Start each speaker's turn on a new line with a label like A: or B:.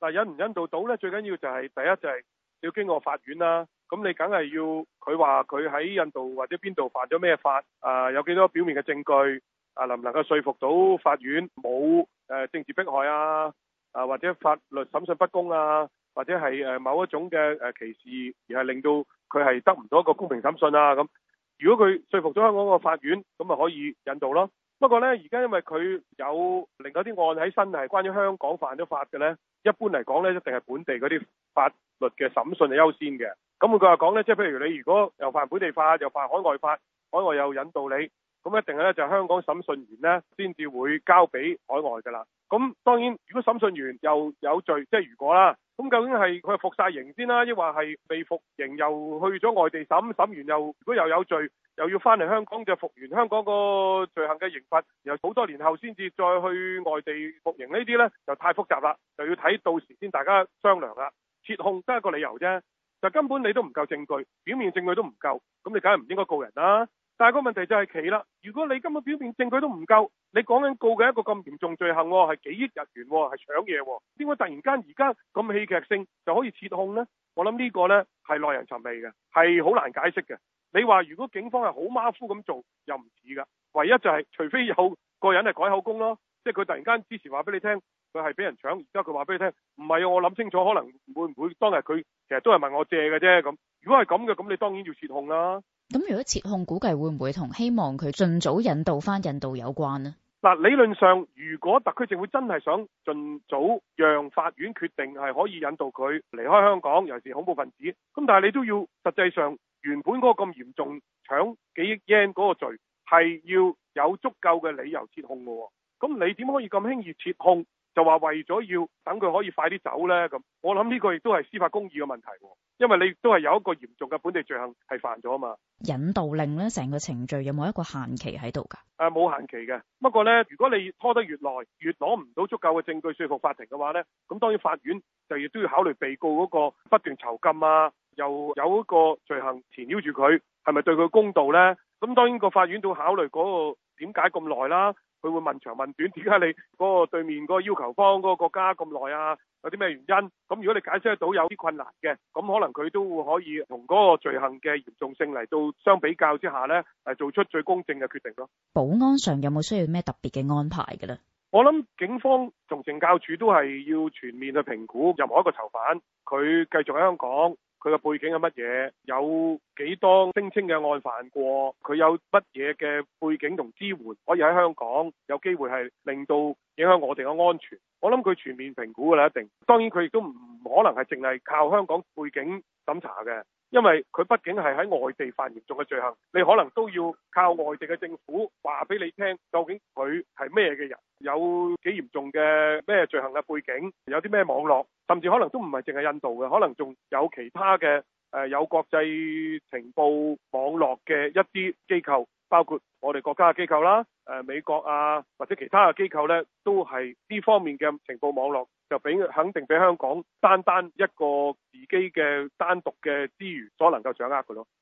A: 嗱引唔引渡到咧？最緊要就係第一就係要經過法院啦。咁你梗係要佢話佢喺印度或者邊度犯咗咩法？啊有幾多表面嘅證據？啊能唔能夠説服到法院冇誒政治迫害啊？啊或者法律審訊不公啊？或者係誒某一種嘅誒歧視，而係令到佢係得唔到一個公平審訊啊。咁如果佢説服咗香港個法院，咁咪可以引渡咯。不過呢，而家因為佢有另外啲案喺身，係關於香港犯咗法嘅呢，一般嚟講呢，一定係本地嗰啲法律嘅審訊係優先嘅。咁佢話講呢，即係譬如你如果又犯本地法，又犯海外法，海外又引渡你。咁一定咧就香港審訊完咧，先至會交俾海外噶啦。咁當然，如果審訊完又有罪，即係如果啦，咁究竟係佢服晒刑先啦，抑或係未服刑又去咗外地審，審完又如果又有罪，又要翻嚟香港就服完香港個罪行嘅刑罰，然後好多年後先至再去外地服刑呢啲呢，就太複雜啦，就要睇到時先大家商量啦。撤控得一個理由啫，就根本你都唔夠證據，表面證據都唔夠，咁你梗係唔應該告人啦。但係個問題就係奇啦，如果你根本表面證據都唔夠，你講緊告嘅一個咁嚴重罪行，係幾億日元，係搶嘢，點解突然間而家咁戲劇性就可以撤控呢？我諗呢個呢，係耐人尋味嘅，係好難解釋嘅。你話如果警方係好馬虎咁做，又唔似噶，唯一就係、是、除非有個人係改口供咯，即係佢突然間之前話俾你聽，佢係俾人搶，而之後佢話俾你聽唔係，我諗清楚，可能會唔會當日佢其實都係問我借嘅啫。咁如果係咁嘅，咁你當然要撤控啦。
B: 咁如果撤控，估計會唔會同希望佢盡早引渡翻引渡有關呢？
A: 嗱，理論上，如果特區政府真係想盡早讓法院決定係可以引渡佢離開香港，尤其是恐怖分子，咁但係你都要實際上原本嗰個咁嚴重搶幾億日圓嗰個罪係要有足夠嘅理由撤控嘅喎，咁你點可以咁輕易撤控？就話為咗要等佢可以快啲走呢？咁我諗呢個亦都係司法公義嘅問題。因為你都係有一個嚴重嘅本地罪行係犯咗啊嘛。
B: 引渡令咧成個程序有冇一個限期喺度㗎？誒
A: 冇限期嘅，不過咧如果你拖得越耐，越攞唔到足夠嘅證據說服法庭嘅話咧，咁當然法院就亦都要考慮被告嗰個不斷囚禁啊，又有一個罪行纏繞住佢，係咪對佢公道咧？咁當然個法院都要考慮嗰個點解咁耐啦。佢會問長問短，點解你嗰個對面嗰個要求方嗰個國家咁耐啊？有啲咩原因？咁如果你解釋得到有啲困難嘅，咁可能佢都會可以同嗰個罪行嘅嚴重性嚟到相比較之下呢，係做出最公正嘅決定咯。
B: 保安上有冇需要咩特別嘅安排嘅咧？
A: 我諗警方同懲教署都係要全面去評估任何一個囚犯，佢繼續喺香港。佢嘅背景係乜嘢？有幾多聲稱嘅案犯過？佢有乜嘢嘅背景同支援可以喺香港有機會係令到影響我哋嘅安全？我諗佢全面評估㗎啦，一定。當然佢亦都唔可能係淨係靠香港背景審查嘅，因為佢畢竟係喺外地犯嚴重嘅罪行，你可能都要靠外地嘅政府話俾你聽，究竟佢係咩嘅人，有幾嚴重嘅咩罪行嘅背景，有啲咩網絡。甚至可能都唔係淨係印度嘅，可能仲有其他嘅誒有國際情報網絡嘅一啲機構，包括我哋國家嘅機構啦，誒美國啊或者其他嘅機構呢，都係呢方面嘅情報網絡就俾肯定俾香港單單一個自己嘅單獨嘅資源所能夠掌握嘅咯。